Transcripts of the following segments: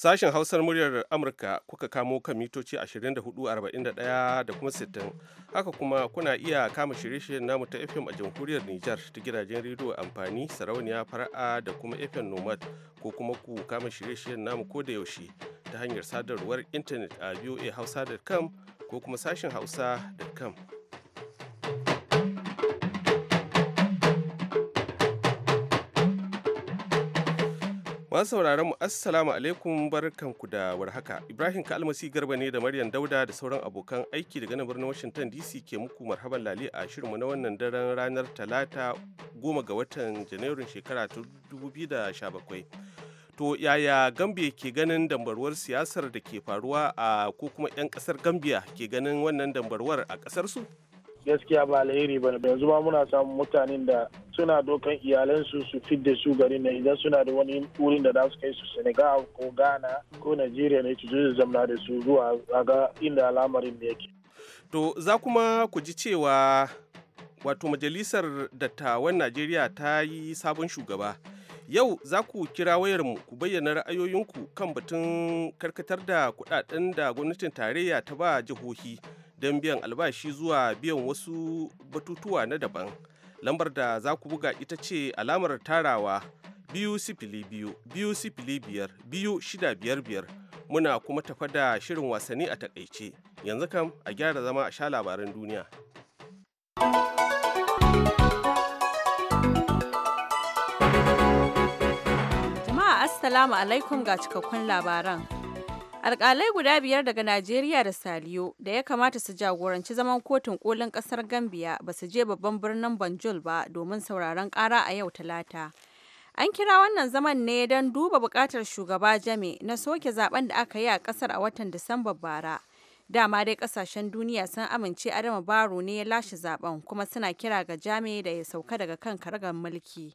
Sashen Hausar muryar Amurka kuka kamo kan mitoci 24,41 da kuma 60. Haka kuma kuna iya kama shirye-shiryen namu ta FM a jamhuriyar Nijar ta gidajen rediyo amfani sarauniya fara'a da kuma FM Nomad ko kuma ku kama shirye-shiryen namu ko da yaushe ta hanyar sadarwar intanet a voahausa.com ko kuma sashen hausa.com. Masu sauraron mu assalamu alaikum barkanku da warhaka. Ibrahim Kalmasi Garba ne da Maryam Dauda da sauran abokan aiki daga nan birnin Washington DC ke muku marhaban lali a shirinmu na wannan daren ranar Talata goma ga watan Janairun shekara ta 2017. To yaya Gambia ke ganin dambarwar siyasar da ke faruwa a ko kuma 'yan kasar Gambia ke ganin wannan dambarwar a kasar su? gaskiya ba alheri ba yanzu ma muna samun mutanen da suna dokan iyalansu su fit da su garin na idan suna da wani wurin da za su kai su senegal ko ghana ko nigeria ne su su zamna da su zuwa ga inda al'amarin da yake to za kuma ku ji cewa wato majalisar dattawan najeriya ta yi sabon shugaba Yau za ku kira wayarmu ku bayyana ra'ayoyinku kan batun karkatar da kudaden da gwamnatin tarayya ta ba jihohi don biyan albashi zuwa biyan wasu batutuwa na daban. Lambar da za ku buga ita ce alamar tarawa biyu sifili biyu biyu sifili biyar biyu shida biyar biyar muna kuma tafa da shirin wasanni a takaice yanzu kam a gyara zama a sha labaran duniya. Assalamu alaikum ga cikakkun labaran. Alƙalai guda biyar daga Najeriya da Saliyo da ya kamata su jagoranci zaman kotun kolin ƙasar Gambia ba su je babban birnin Banjul ba domin sauraron ƙara a yau Talata. An kira wannan zaman ne don duba buƙatar shugaba Jame na soke zaben da aka yi a ƙasar a watan Disamba bara. Dama dai ƙasashen duniya sun amince Adama Baro ne ya lashe zaben kuma suna kira ga Jame da ya sauka daga kan karagar mulki.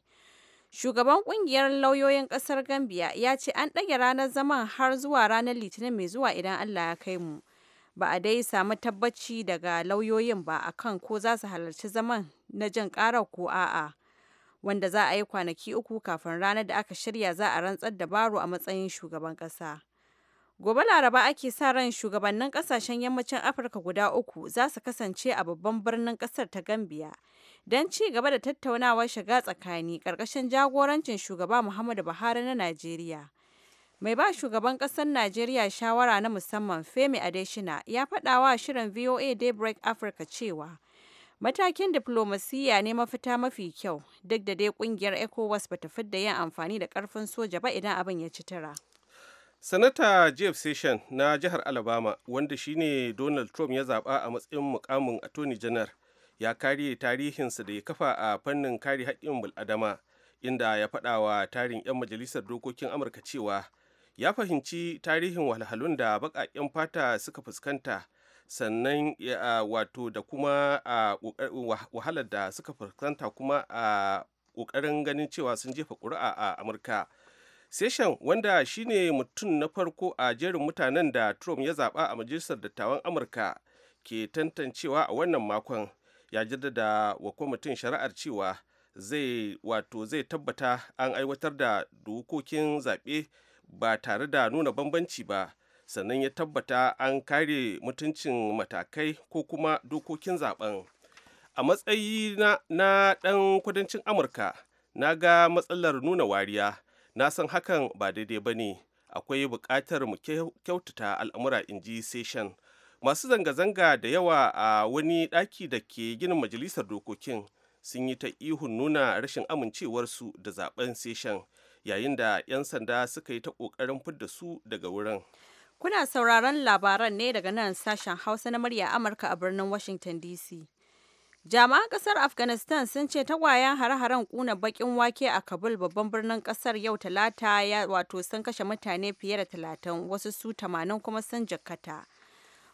Shugaban kungiyar lauyoyin kasar Gambia ya ce an ɗage ranar zaman har zuwa ranar Litinin mai zuwa idan Allah ya kai mu. Ba a dai samu tabbaci daga lauyoyin ba akan ko za su halarci zaman na jin ƙara ko a'a. Wanda za a yi kwanaki uku kafin ranar da aka shirya za a rantsar da baro a matsayin shugaban kasa. Gobe Laraba ake sa ran shugabannin kasashen yammacin Afirka guda uku za su kasance a babban birnin kasar ta Gambia don ci gaba da tattaunawar shiga tsakani ƙarƙashin jagorancin shugaba Muhammadu Buhari na Najeriya. Mai ba shugaban ƙasar Najeriya shawara na musamman Femi Adesina ya faɗa wa shirin VOA Daybreak Africa cewa matakin diplomasiya ne mafita mafi kyau duk da dai ƙungiyar ECOWAS bata fidda yin amfani da ƙarfin soja ba idan abin ya ci tara. Sanata Jeff Session na jihar Alabama wanda shine Donald Trump ya zaba a matsayin mukamin Attorney General ya kare tarihinsa da ya kafa a fannin kare haƙƙin bul'adama inda ya faɗa wa tarin 'yan majalisar dokokin amurka cewa ya fahimci tarihin walhalun da baƙaƙen fata suka fuskanta sannan ya wato da kuma eh, wahalar da suka fuskanta kuma a ƙoƙarin ganin cewa sun jefa ƙuri'a a amurka session wanda shine mutum na farko a jerin mutanen da trump ya zaɓa a majalisar dattawan amurka ke tantancewa a wannan makon ya jaddada wa kwamitin shari'ar cewa zai wato zai tabbata an aiwatar da dokokin zaɓe ba tare da nuna bambanci ba sannan ya tabbata an kare mutuncin matakai ko kuma dokokin zaben a matsayi na ɗan kudancin amurka na ga matsalar nuna wariya na san hakan ba daidai ba ne akwai buƙatar mu kyautata al'amura in ji session masu zanga-zanga da yawa a wani ɗaki da ke ginin majalisar dokokin sun yi ta ihun nuna rashin amincewarsu da zaben seshen yayin da 'yan sanda suka yi ta ƙoƙarin fidda su daga wurin kuna sauraron labaran ne daga nan sashen hausa na murya amurka a birnin washington dc jami'an kasar afghanistan sun ce tagwayen hare-haren kuna bakin wake a kabul babban birnin kasar yau talata ya wato sun kashe mutane fiye da talatin wasu su 80 kuma sun jakkata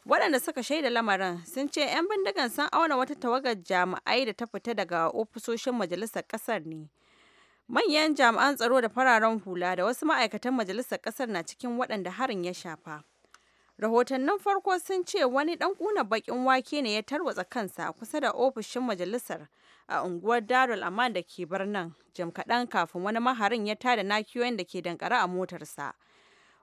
waɗanda suka shaida lamarin sun ce 'yan bindigan sun auna wata tawagar jami'ai da ta fita daga ofisoshin majalisar ƙasar ne manyan jami'an tsaro da fararen hula da wasu ma'aikatan majalisar ƙasar na cikin waɗanda harin ya shafa rahotannin farko sun ce wani ɗan ƙuna baƙin wake ne ya tarwatsa kansa kusa da ofishin majalisar a unguwar darul aman da ke birnin jim kaɗan kafin wani maharin ya tada nakiyoyin da ke dankara a motarsa.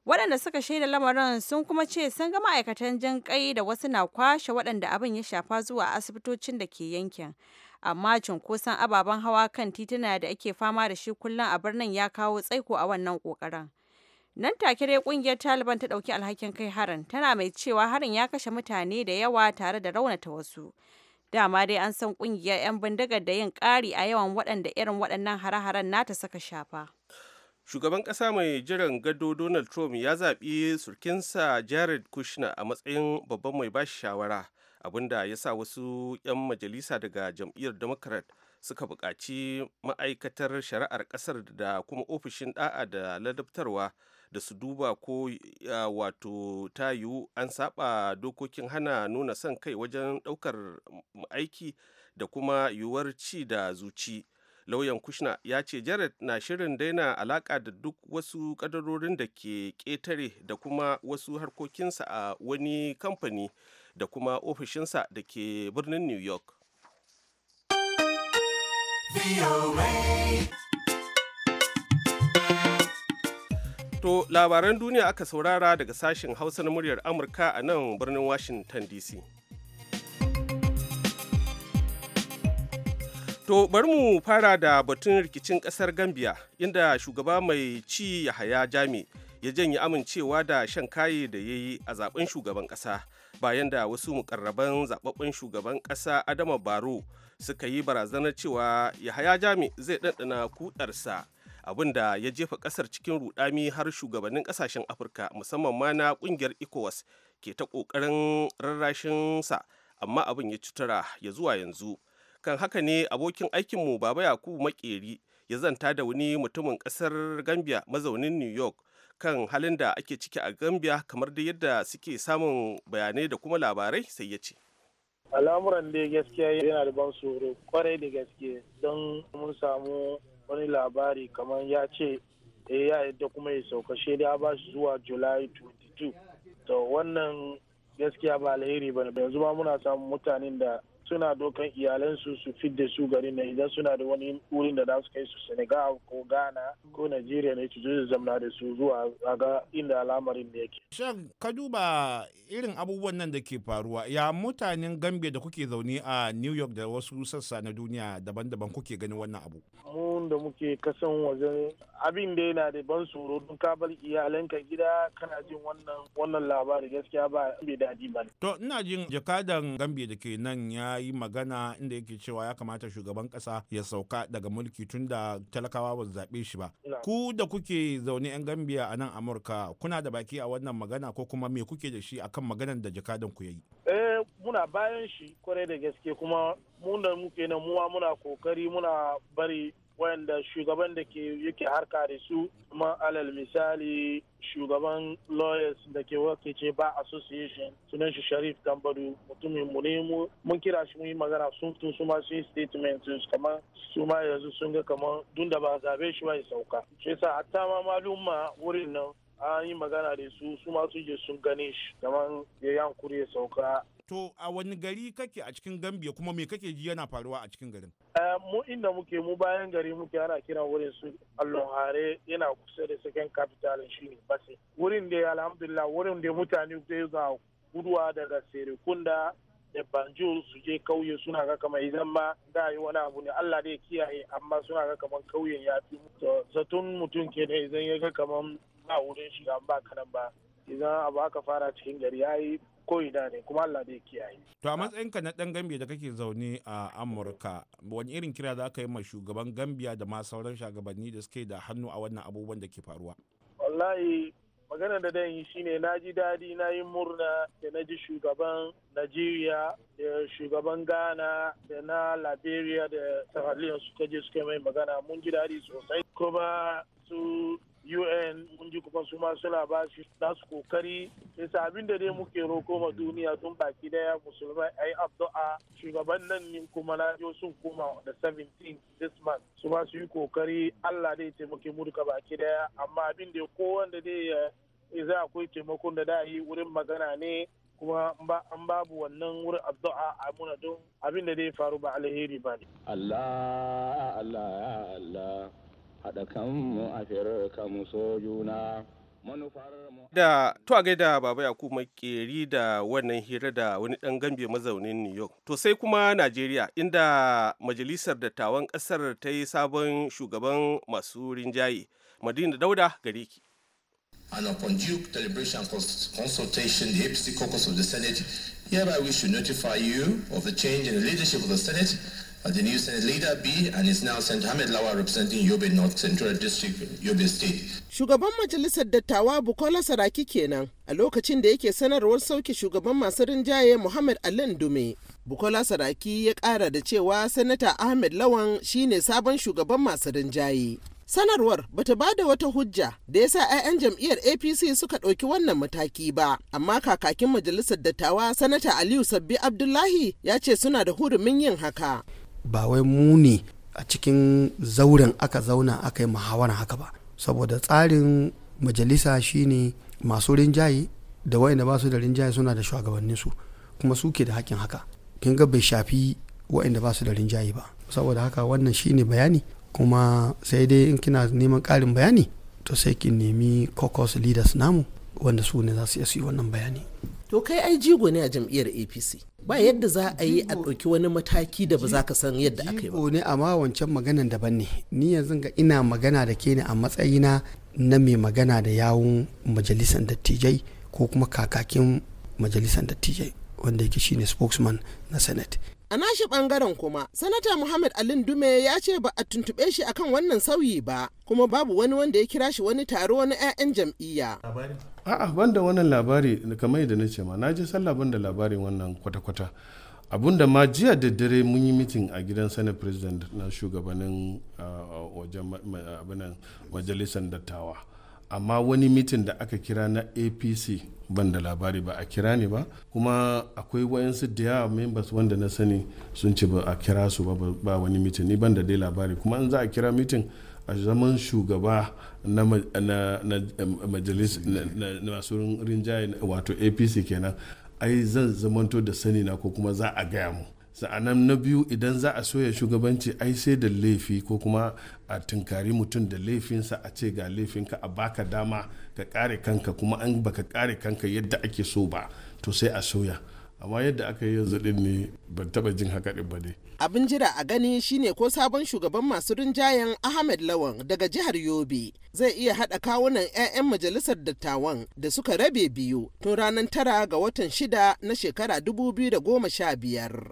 waɗanda suka shaida lamarin sun kuma ce sun ga ma'aikatan jin kai da wasu na kwashe waɗanda abin ya shafa zuwa asibitocin da ke yankin amma cunkoson ababen hawa kan tituna da ake fama da shi kullum a birnin ya kawo tsaiko a wannan kokarin nan take dai kungiyar taliban ta ɗauki alhakin kai harin tana mai cewa harin ya kashe mutane da yawa tare da raunata wasu dama dai an san kungiyar 'yan bindigar da yin ƙari a yawan waɗanda irin waɗannan hare-haren nata suka shafa shugaban ƙasa mai jiran gado donald trump ya zaɓi surkinsa jared kushner a matsayin babban mai bashi shawara abinda ya sa wasu 'yan majalisa daga jam'iyyar democrat suka buƙaci ma'aikatar shari'ar ƙasar da kuma ofishin ɗa'a da ladabtarwa da su duba ko wato ta yiwu an saba dokokin hana nuna son kai wajen ɗaukar aiki da kuma yiwuwar ci da zuci. lauyan kushna ya ce jared na shirin daina alaka da duk wasu kadarorin da ke ketare da kuma wasu harkokinsa a wani kamfani da kuma ofishinsa da ke birnin new york To labaran duniya aka saurara daga sashen hausa na muryar amurka a nan birnin washington dc To bari mu fara da batun rikicin kasar Gambia inda shugaba mai ci Yahaya Jami ya janye amincewa da shan kaye da ya yi a zaben shugaban kasa bayan da wasu mukarraban zababben shugaban kasa Adama Baro suka yi barazanar cewa Yahaya Jami zai ɗanɗana kudarsa da ya jefa kasar cikin rudami har shugabannin kasashen Afirka musamman ma na kungiyar ECOWAS ke ta ƙoƙarin sa amma abin ya cutura ya zuwa yanzu. kan haka ne abokin aikinmu baba yakubu makeri ya zanta da wani mutumin kasar gambia mazaunin new york kan halin da ake ciki a gambia kamar da yadda suke samun bayanai da kuma labarai sai ya ce al'amuran dai gaskiya yana da ban tsoro kwarai da gaske don mun samu wani labari kamar ya ce eh, ya yadda kuma ya sauka shaida ba shi zuwa july 22 to wannan gaskiya ba alheri ba yanzu ba muna samun mutanen da suna dokan iyalansu su fidda su garin nan idan suna da wani wurin da za su kai su senegal ko ghana ko nigeria ne su su zamna da su zuwa a ga inda al'amarin da yake shan ka duba irin abubuwan nan da ke faruwa ya mutanen gambia da kuke zaune a new york da wasu sassa na duniya daban-daban kuke ganin wannan abu mun da muke kasan wajen abin da yana da ban tsoro don ka bar iyalanka gida kana jin wannan wannan labari gaskiya ba bai ba to ina jin jakadan gambia da ke nan ya yi magana inda yake cewa ya kamata shugaban kasa ya sauka daga mulki tun da talakawa ba zaɓe shi ba ku da kuke zaune yan gambiya a nan amurka kuna da baki a wannan magana ko kuma me kuke da shi akan magana da jakadan ku yayi eh muna bayan shi kwarai da gaske kuma mun da muke nan muwa muna kokari muna bari wanda shugaban da ke yake harka da su kuma alal misali shugaban lawyers da ke ce ba association sunan shi sharif gambadu mutumin mu ne mun kira shi muyi magana sun tun su ma su yi statement kamar su ma yanzu sun ga kamar dun da ba zabe shi ba ya sauka shi yasa hatta ma maluma wurin nan an yi magana da su su ma sun je sun gane shi kamar ya yankuri ya sauka to a wani gari kake a cikin gambia kuma me kake ji yana faruwa a cikin garin eh, mu inda muke mu bayan gari muke ana kiran wurin su hare yana kusa da saken capital shiri basi. wurin da alhamdulillah wurin da mutane da za guduwa daga serikunda da banjul su je kauye suna ga kamar idan ma da yi wani abu ne Allah da kiyaye amma suna ga kamar kauyen ya fi zaton mutum ke da idan ya ga kamar ba wurin shiga ba kanan ba idan abu aka fara cikin gari ya yi. ko ina ne kuma Allah ya kiyaye. To a matsayinka na ɗan Gambia da kake zaune a Amurka wani irin kira za ka yi ma shugaban gambiya da ma sauran shugabanni da suke da hannu a wannan abubuwan da ke faruwa? Wallahi magana da dan yi shine na ji daɗi na yi murna da na ji shugaban Najeriya da shugaban Ghana da na Liberia da Sierra Leone suka je suka mai magana mun ji daɗi sosai kuma su un mun ji kuma su ma suna ba shi kokari sai abinda da dai muke roko ma duniya tun baki daya musulmai ai abdu'a shugaban nan ne kuma na jo sun koma da 17 this month su ma su yi kokari Allah dai taimake mu duka baki daya amma abin da kowanda dai eh, za akwai taimakon da da yi wurin magana ne kuma an babu wannan wurin addu'a a muna don abin da faru ba alheri ba Allah Allah Allah haɗa kanmu a firar kanmu so juna. Da to a gaida Baba kuma Makeri da wannan hira da wani ɗan gambe mazaunin New York. To sai kuma nigeria inda majalisar dattawan ƙasar ta yi sabon shugaban masu rinjaye. Madina Dauda gare ki. And upon due deliberation consultation, the APC caucus of the Senate hereby wish to notify you of the change in the leadership of the Senate the new Senate leader B and is now Ahmed Lawa representing Yobe North Central District, Yobe State. Shugaban Majalisar Dattawa Bukola Saraki kenan a lokacin da yake sanarwar sauke shugaban masu rinjaye Muhammad Allen Dume. Bukola Saraki ya ƙara da cewa Sanata Ahmed Lawan shine sabon shugaban masu rinjaye. sanarwar bata ba da wata hujja da ya sa 'ya'yan jam'iyyar apc suka ɗauki wannan mataki ba amma kakakin majalisar dattawa sanata aliyu sabbi abdullahi ya ce suna da hurumin yin haka ba wai muni a cikin zauren aka zauna aka yi muhawara haka ba saboda tsarin majalisa shine masu rinjaye da wayanda ba su da rinjaye suna da shugabanninsu kuma suke da hakin haka kin ga bai shafi wayanda ba su da rinjaye ba saboda haka wannan shine bayani kuma sai dai in kina neman karin bayani to sai ki nemi caucus leaders namu wanda su ne za iya su yi wannan bayani to kai ai jigo ne a jam'iyyar apc ba yadda za a yi a ɗauki wani mataki da ba za ka san yadda aka yi ba ne amma wancan maganan daban ne ni yanzu ga ina magana da ke ne a matsayina na mai magana da yawun majalisar dattijai ko kuma kakakin majalisar dattijai wanda yake shine spokesman na senate A nashi bangaren kuma, Sanata Muhammad Alin Dume ya ce ba a tuntuɓe shi akan wannan sauyi ba, kuma babu wani wanda ya kira shi wani taro na 'ya'yan jam'iyya. A'a da wannan labari kamar yadda na ce ma, na je sallah banda labarin wannan kwata-kwata. abun da ma jiya da dare mun yi mitin a gidan senate president na shugabannin ah, wajen majalisar dattawa amma wani mitin da aka kira na apc ban da labari ba a kira ni ba kuma akwai wayansu da yawa members wanda na sani sun ci ba a kira su ba ba wani mitin ni ban da dai labari kuma an za a kira mitin a zaman shugaba na majalis na masu rinjaye wato apc kenan ai zan zamanto da sani na ko kuma za a gaya mu sa'anan na biyu idan za a soya shugabanci ai sai da laifi ko kuma a tunkari mutum da laifinsa a ce ga laifinka a baka dama ka kare kanka kuma an baka kare kanka yadda ake so ba to sai a soya amma yadda aka yi yanzu din ne ban taba jin haka ba ne. abin jira a gani shine ko sabon shugaban masu rinjayen ahmed lawan daga jihar yobe zai iya haɗa kawunan 'ya'yan majalisar dattawan da suka rabe biyu tun ranar tara ga watan shida na shekara 2015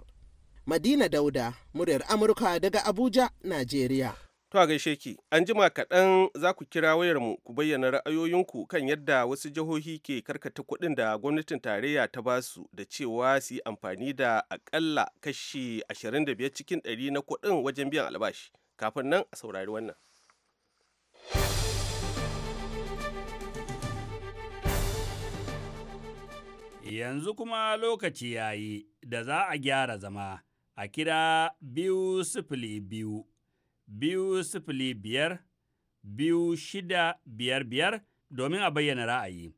Madina Dauda, muryar Amurka daga Abuja, Najeriya. To a gaishe ki, an jima kaɗan za ku kira wayarmu ku bayyana ra'ayoyinku kan yadda wasu jihohi ke karkata kuɗin da gwamnatin tarayya ta basu da cewa su yi amfani da aƙalla kashi ashirin da biyar cikin ɗari na kuɗin wajen biyan albashi. Kafin nan a saurari wannan. Yanzu kuma lokaci yayi da za a gyara zama. a kira biyu sifili biyu, biyu sifili biyar, biyu shida biyar biyar domin a bayyana ra'ayi.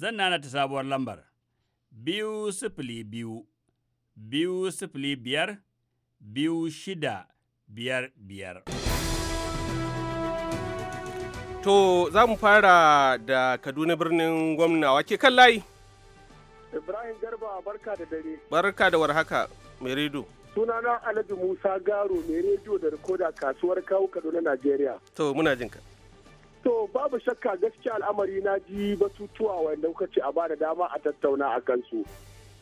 Zan nana ta sabuwar lambar, biyu sifili biyu, biyu sifili biyar, biyu shida biyar biyar. To za mu fara da Kaduna birnin gwamna wake kan layi. Ibrahim Garba barka da dare. Barka da warhaka. mai rediyo sunana alhaji musa garo mai rediyo da rikoda kasuwar kawo kaduna najeriya to muna jinka to babu shakka gaskiya al'amari na ji batutuwa wanda kuka ce a ba da dama a tattauna a kansu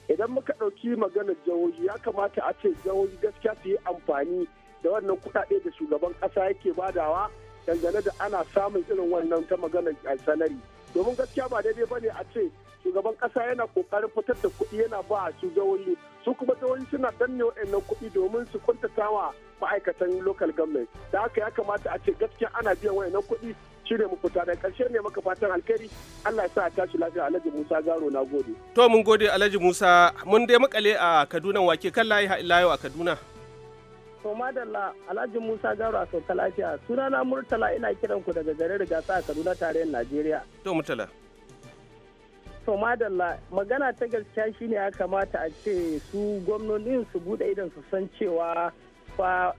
idan muka ɗauki maganar jihohi ya kamata a ce jihohi gaskiya su yi amfani da wannan kuɗaɗe da shugaban ƙasa yake badawa dangane da ana samun irin wannan ta maganar sanari domin gaskiya ba daidai ba ne a ce shugaban kasa yana kokarin fitar da kuɗi yana ba shugabanni su kuma jihohi suna danne waɗannan kuɗi domin su wa ma'aikatan local government da haka ya kamata a ce gaskiya ana biyan waɗannan kuɗi shine mu fita da karshe ne maka fatan alkhairi Allah ya sa a tashi lafiya Alhaji Musa Garo na gode to mun gode Alhaji Musa mun dai makale a Kaduna wake kan layi ha a Kaduna to madalla Alhaji Musa Garo a sauka lafiya sunana Murtala ina kiran ku daga garin Rigasa a Kaduna tarayyar Najeriya to Murtala to madalla magana ta gaskiya shi ne ya kamata a ce su gwamnonin su bude idan su san cewa fa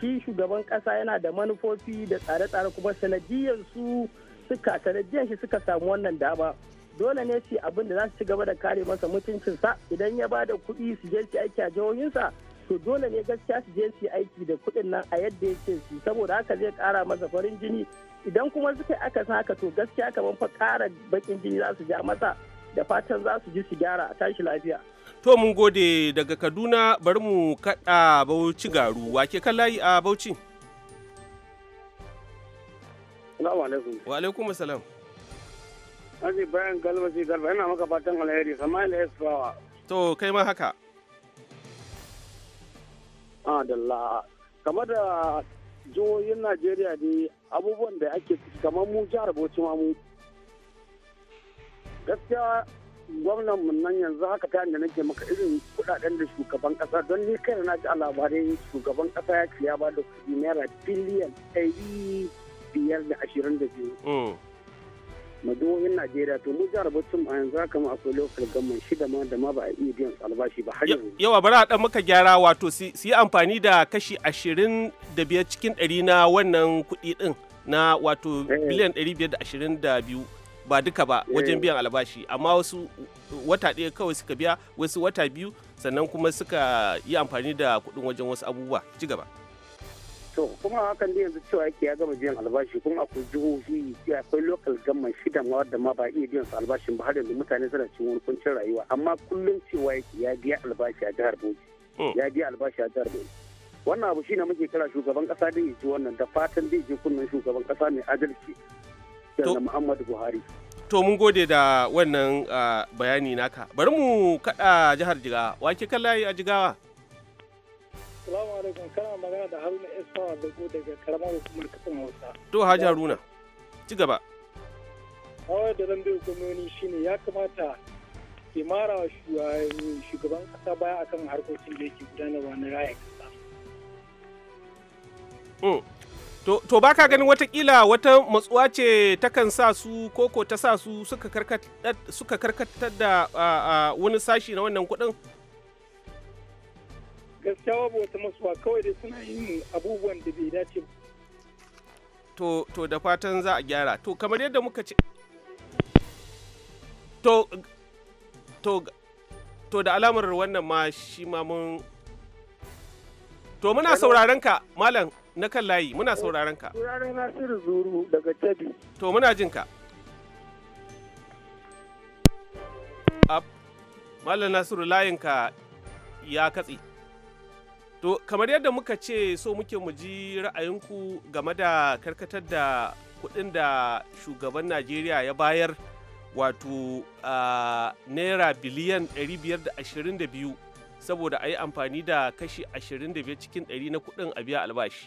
shi shugaban kasa yana da manufofi da tsare-tsare kuma sanadiyar su suka sanadiyar shi suka samu wannan dama dole ne su abin da za su ci gaba da kare masa mutuncin sa idan ya bada kuɗi su je su aiki a jihohin sa to dole ne gaskiya su je su aiki da kuɗin nan a yadda yake su saboda haka zai kara masa farin jini idan kuma suka aka san haka to gaskiya kamar fa ƙara bakin jini za su ja masa da fatan za su ji su gyara a tashi lafiya. To mun gode daga Kaduna bari mu kaɗa Bauchi garu wake kan layi a Bauchi. Salamu alaikum. Wa alaikum salam. Aji bayan Galba shi Galba yana maka fatan alheri Sama'il Esfawa. To kai ma haka. Adalla kamar da jihohin najeriya ne abubuwan da ake kamar mu jihar bauchi ma mu gaskiya gwamnan mu nan yanzu haka ta da nake maka irin kudaden da shugaban kasa don ni kai na ji a shugaban kasa ya ce ba da kudi naira biliyan ɗari biyar da ashirin da biyu mm. maduwoyin najeriya to mu jihar bauchi a yanzu haka ma akwai local gamman shida ma da ma ba a iya biyan albashi ba har yanzu yawa bari a dan muka gyara wato su yi amfani da kashi ashirin da biyar cikin ɗari na wannan kuɗi ɗin na wato eh. biliyan ɗari biyar da ashirin da biyu ba duka ba eh. wajen biyan albashi amma wasu wata ɗaya kawai suka biya wasu wata biyu sannan kuma suka yi amfani da kuɗin wajen wasu abubuwa ci gaba to kuma hakan da yanzu cewa yake ya gama biyan albashi kuma akwai jihohi akwai local government shida ma wadda ma ba iya biyan su albashin ba har yanzu mutane suna cin wani kuncin rayuwa amma kullum cewa yake ya biya albashi a jihar Bauchi hmm. ya biya albashi a jihar Bauchi wannan abu shine muke kira shugaban kasa da ya ji wannan da fatan da ya ji kunnan shugaban kasa mai adalci da Muhammadu Buhari to mun gode da wannan ah, bayani naka bari mu kada jihar Jigawa wake kan layi a Jigawa Salamu alaikum kana magana da Haruna Esawa da daga karamar hukumar kasan Hausa. To Haji Haruna, ci gaba. Kawai da zan gwamnoni shine ya kamata kimara mara wa shugaban kasa baya akan harkokin da yake gudanarwa na raya kasa. To ba ka ganin watakila wata matsuwa ce kan sa su koko ta sa su suka karkatar da wani sashi na wannan kudin. gaskiya babu wata masuwa kawai da suna yin abubuwan da bai dace ba to to da fatan za a gyara to kamar yadda muka ce to to to da alamar wannan ma shi ma mun to muna sauraron ka malam na kan layi muna sauraron ka sauraron nasiru zuru daga tabi to muna jin ka malam nasiru layinka ya katse To kamar yadda muka ce so muke mu ji ra'ayinku game da karkatar da kuɗin da shugaban Najeriya ya bayar wato naira biliyan 522 saboda a yi amfani da kashi 25 cikin 100 na kuɗin a biya albashi.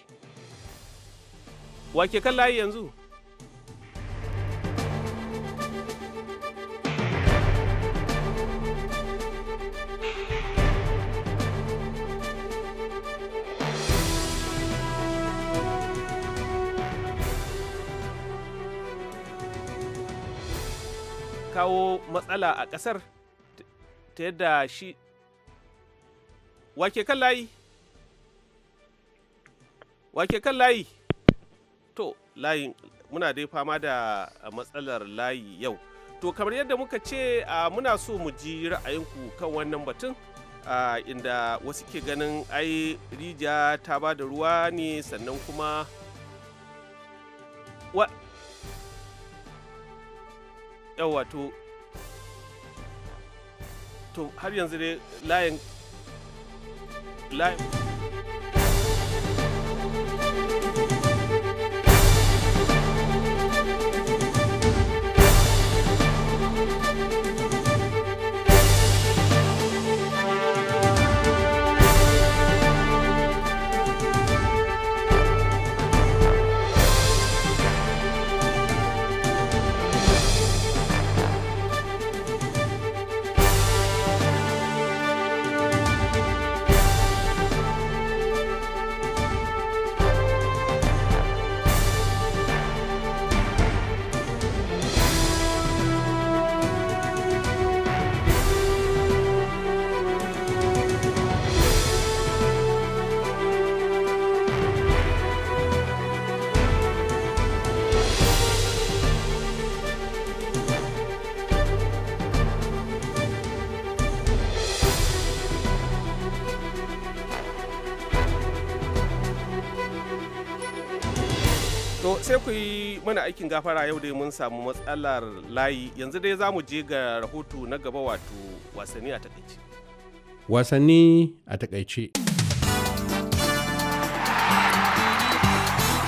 Wa ke kan layi yanzu? kawo matsala a ƙasar ta yadda shi wake kan layi wake kan layi to layin muna dai fama da matsalar layi yau to kamar yadda muka ce muna so mu ji ra'ayinku kan wannan batun inda wasu ke ganin ai rija ta ba da ruwa ne sannan kuma yawa to to har yanzu dai layin layin sai ku yi mana aikin gafara yau dai mun samu matsalar layi yanzu dai za mu je ga rahoto na gaba wato wasanni a takaice. Wasanni a takaice.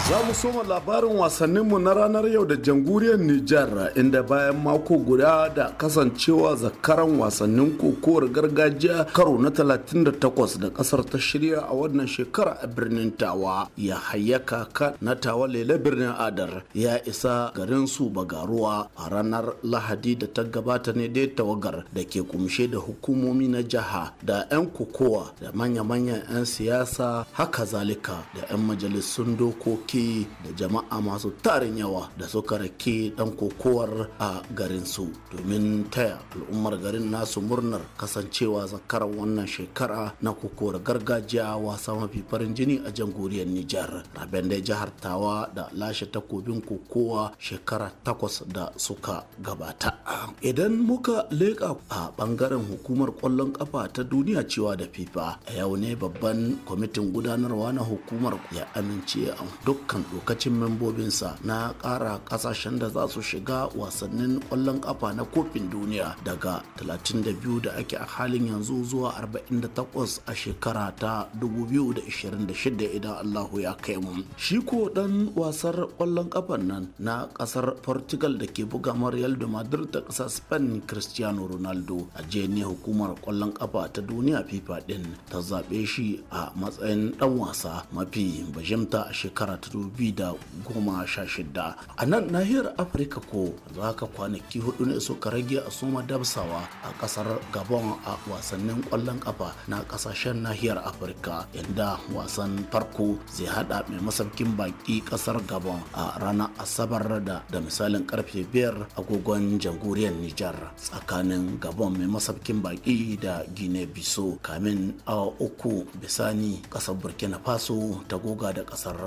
Za mu soma labarin wasanninmu na ranar yau da jamhuriyar Nijar inda bayan mako guda da kasancewa zakaran wasannin kokowar gargajiya karo na 38 da kasar ta shirya a wannan shekara a birnin Tawa ya hayyaka ka na Tawa lele birnin Adar ya isa garin su bagaruwa a ranar Lahadi da ta gabata ne dai tawagar da ke kumshe da hukumomi na jiha da 'yan kokowa da manya-manyan 'yan siyasa haka zalika da 'yan majalisun dokoki ciki da jama'a masu tarin yawa da suka rake dan kokowar a garin su domin taya al'ummar garin nasu murnar kasancewa zakarar wannan shekara na kokowar gargajiya wasa mafi farin jini a jamhuriyar Nijar. rabin da jihar Tawa da lashe takobin kokowa shekara takwas da suka gabata. Idan muka leƙa a bangaren hukumar kwallon kafa ta duniya cewa da FIFA a yau ne babban kwamitin gudanarwa na hukumar ya amince a duk dukkan lokacin membobinsa na kara kasashen da za su shiga wasannin kwallon kafa na kofin duniya daga 32 da ake a halin yanzu zuwa 48 a shekara ta 2026 idan Allahu ya kai mu. Shi ko dan wasar kwallon ƙafan nan na kasar Portugal da ke buga Real de Madrid da kasa Spain Cristiano Ronaldo a ne hukumar kwallon kafa ta duniya FIFA din ta zabe shi a matsayin dan wasa mafi bajimta a shekara ta 2016 a nan nahiyar afirka ko za ka kwanaki hudu ne ka rage a soma dabsawa a kasar gabon a wasannin kwallon kafa na kasashen nahiyar afirka inda wasan farko zai hada mai masaukin baki kasar gabon a ranar asabar da da misalin karfe biyar agogon jamhuriyar nijar tsakanin gabon mai masaukin baki da gine biso kamin awa uku bisani kasar burkina faso ta goga da kasar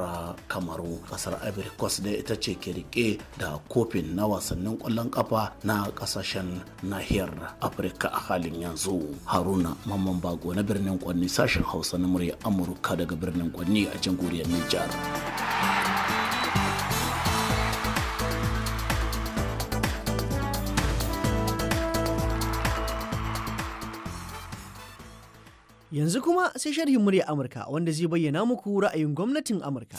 kamaru kasar ivory coast da ita ce ke rike da kofin na wasannin kwallon kafa na kasashen nahiyar afirka a halin yanzu haruna mamman bago na birnin kwanni sashen hausa na murya amurka daga birnin kwanni a jamhuriyar nijar Yanzu kuma sai sharhin murya Amurka wanda zai bayyana muku ra'ayin gwamnatin Amurka.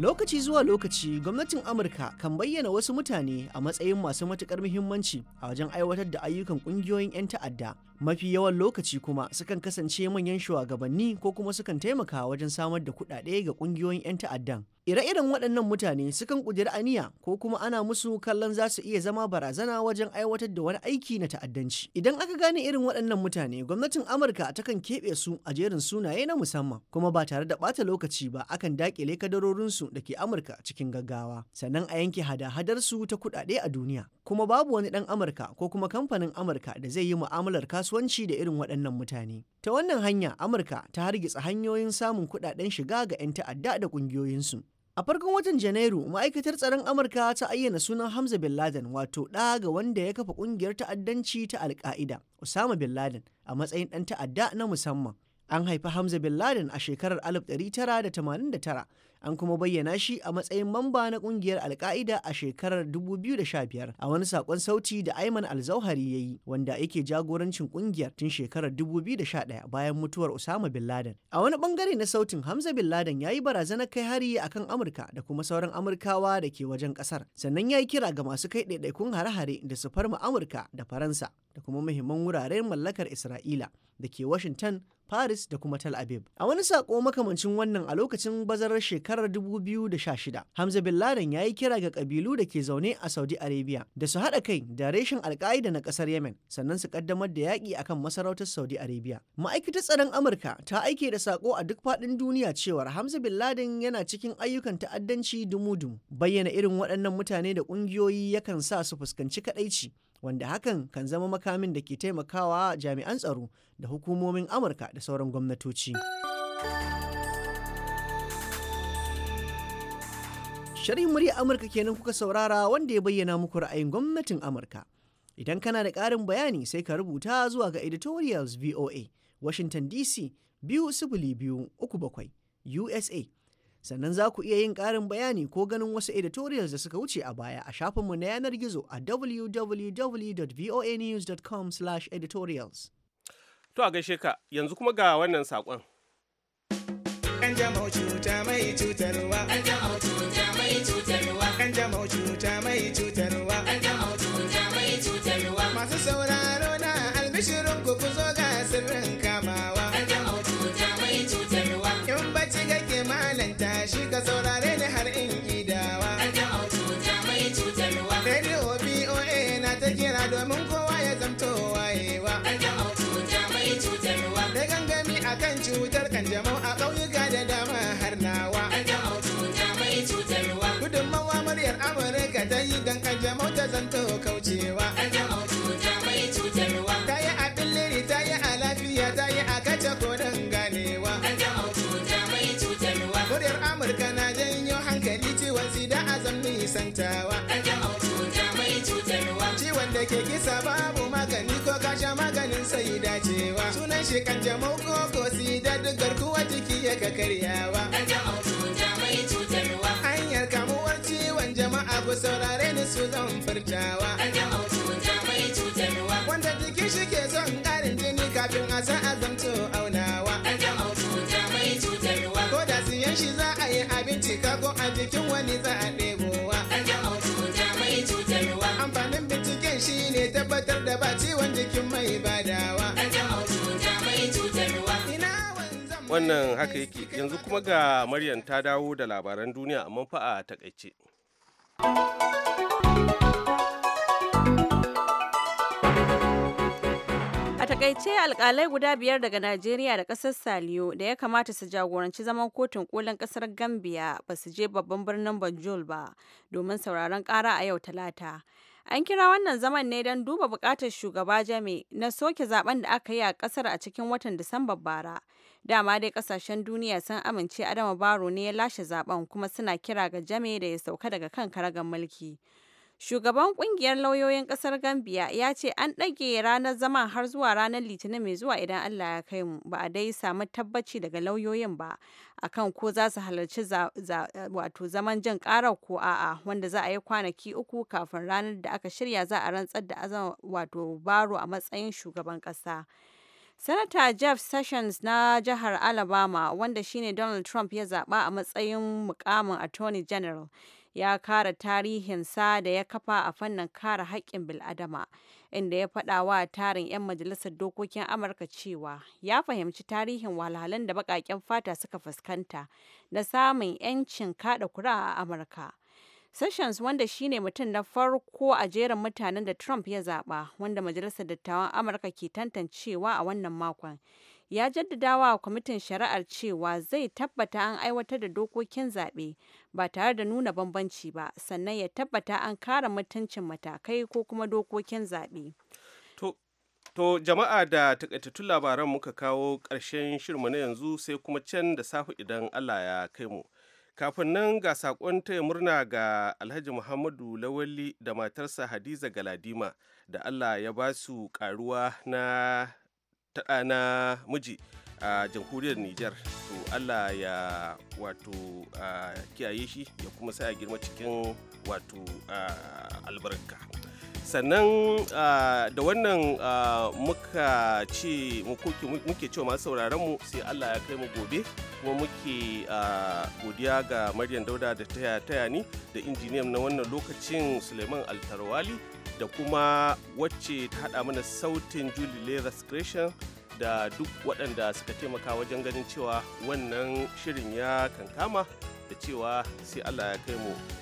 Lokaci zuwa lokaci gwamnatin Amurka kan bayyana wasu mutane a matsayin masu matukar muhimmanci a wajen aiwatar da ayyukan kungiyoyin 'yan ta'adda mafi yawan lokaci kuma sukan kasance manyan shugabanni ko kuma sukan taimaka wajen samar da kuɗaɗe ga ƙungiyoyin 'yan ta'addan ire-iren waɗannan mutane sukan ƙudiri aniya ko kuma ana musu kallon za su iya zama barazana wajen aiwatar da wani aiki na ta'addanci idan aka gane irin waɗannan mutane gwamnatin amurka takan keɓe su a jerin sunaye na musamman kuma ba tare da ɓata lokaci ba akan daƙile kadarorinsu da ke amurka cikin gaggawa sannan a yanke hada-hadarsu ta kuɗaɗe a duniya kuma babu wani ɗan amurka ko kuma kamfanin amurka da zai yi mu'amalar kasu kasuwanci da irin waɗannan mutane. Ta wannan hanya Amurka ta hargitsa hanyoyin samun kuɗaɗen shiga ga 'yan ta'adda da ƙungiyoyinsu. A farkon watan Janairu, ma'aikatar tsaron Amurka ta ayyana sunan Hamza Bin Laden wato ɗa ga wanda ya kafa ƙungiyar ta'addanci ta Alƙa'ida, Osama Bin Laden, a matsayin ɗan ta'adda na musamman. An haifi Hamza Bin Laden a shekarar 1989 an kuma bayyana shi a matsayin mamba na kungiyar alka'ida a shekarar 2015 a wani sakon sauti da Ayman alzauhari ya yi wanda yake jagorancin kungiyar tun shekarar 2011 bayan mutuwar Usama bin Laden. A wani bangare na sautin Hamza bin Laden ya yi barazanar kai hari a kan Amurka da kuma sauran Amurkawa da ke wajen kasar. Sannan ya yi kira ga masu kai ɗaiɗaikun hare-hare da su farma Amurka da Faransa da kuma muhimman wuraren mallakar Isra'ila da ke Washington Paris da kuma Tel Aviv. A wani sako makamancin wannan a lokacin bazarar shekarar 2016, Hamza Bin Laden ya yi kira ga kabilu da ke zaune a Saudi Arabia da su haɗa kai da reshen alka'ida na ƙasar Yemen sannan su kaddamar da yaƙi akan masarautar Saudi Arabia. Ma'aikatar tsaron Amurka ta aike da sako a duk faɗin duniya cewar Hamza Bin Laden yana cikin ayyukan ta'addanci dumu-dumu. Bayyana irin waɗannan mutane da ƙungiyoyi yakan sa su fuskanci kaɗaici. wanda hakan kan zama makamin da ke taimakawa jami'an tsaro da hukumomin amurka da sauran gwamnatoci sharhin murya amurka kenan kuka saurara wanda ya bayyana muku ra'ayin gwamnatin amurka idan kana da ƙarin bayani sai ka rubuta zuwa ga editorials voa washington dc biyu sifili biyu uku bakwai usa Sannan za ku iya yin ƙarin bayani ko ganin wasu editorials da suka wuce a baya a shafinmu na yanar gizo a www.voanews.com/editorials. To a gaishe ka yanzu kuma ga wannan saƙon. An cuta Masu sauraro na albishirin ku ku zo ga sirrinka. ka saurare ni har in gidawa. Kada auto ta mai cutarwa. Radio BOA na ta kira domin kowa ya zamto wayewa. Kada auto ta mai cutarwa. Da gangami akan cutar kanjamau a ƙauyuka da dama har nawa. Kada auto ta mai cutarwa. Gudunmawa muryar Amurka ta yi don kanjamau ta zanto mantawa ciwon da ke kisa babu magani ko kasha maganin sai dacewa sunan shi kan ko ko da duk garkuwa jiki ya ka karyawa hanyar kamuwar ciwon jama'a ku saurare ni su zan furtawa wanda jiki shi ke son karin jini kafin a san azamto aunawa ko da siyan shi za a yi abinci kako a jikin wani za a cutar da wannan haka yake yanzu kuma ga maryam ta dawo da labaran duniya amma fa a takaice takaice alkalai guda biyar daga Najeriya da kasar Saliyo da ya kamata su jagoranci zaman kotun kolin kasar Gambia ba su je babban birnin Banjul ba domin sauraron kara a yau talata. An kira wannan zaman ne don duba bukatar shugaba Jame na soke zaben da aka yi a kasar a cikin watan disamba bara. Dama dai kasashen duniya sun amince Adama baro ne ya lashe zaben kuma suna kira ga Jame da ya sauka daga kan karagar mulki. Shugaban kungiyar lauyoyin kasar Gambia ya ce an ɗage ranar zama har zuwa ranar Litinin mai zuwa idan Allah ya kai mu ba a dai samu tabbaci daga lauyoyin ba akan ko za su halarci wato zaman jin karar ko a'a wanda za a yi kwanaki uku kafin ranar da aka shirya za a rantsar da azan wato baro a matsayin shugaban kasa. Sanata Jeff Sessions na jihar Alabama wanda shine Donald Trump ya zaba a matsayin mukamin Attorney General ya kara tarihinsa da ya kafa a fannin kare haƙƙin bil'adama inda ya faɗa wa tarin 'yan majalisar dokokin amurka cewa ya fahimci tarihin wahalhalun da baƙaƙen fata suka fuskanta na samun 'yancin kaɗa kura a amurka Sessions wanda shine mutum na farko a jerin mutanen da Trump ya zaɓa wanda Majalisar Dattawan Amurka ke tantancewa a wannan makon ya jaddadawa kwamitin shari'ar cewa zai tabbata an aiwatar da dokokin zaɓe ba tare da nuna bambanci ba sannan ya tabbata an kara mutuncin matakai ko kuma dokokin zaɓe. To jama'a da takaitattun labaran muka kawo ƙarshen shirmu na yanzu sai kuma can da safe idan Allah ya kai mu. Kafin nan ga saƙon taya murna ga Alhaji Muhammadu Lawali da matarsa Hadiza Galadima da Allah ya ba su ƙaruwa na ta ɗana miji a jamhuriyar nijar to allah ya wato kiyaye shi ya kuma sa ya girma cikin wato albarka sannan ah, da wannan ah, muka ce muke cewa masu sauraron mu sai Allah ya kai mu gobe kuma muke ah, godiya ga Maryam Dauda da taya taya ni da injiniyam na wannan lokacin Suleiman Altarwali da kuma wacce ta hada mana sautin Julie Leathers Creation da duk waɗanda suka taimaka wajen ganin cewa wannan shirin ya kankama da cewa sai Allah ya kai mu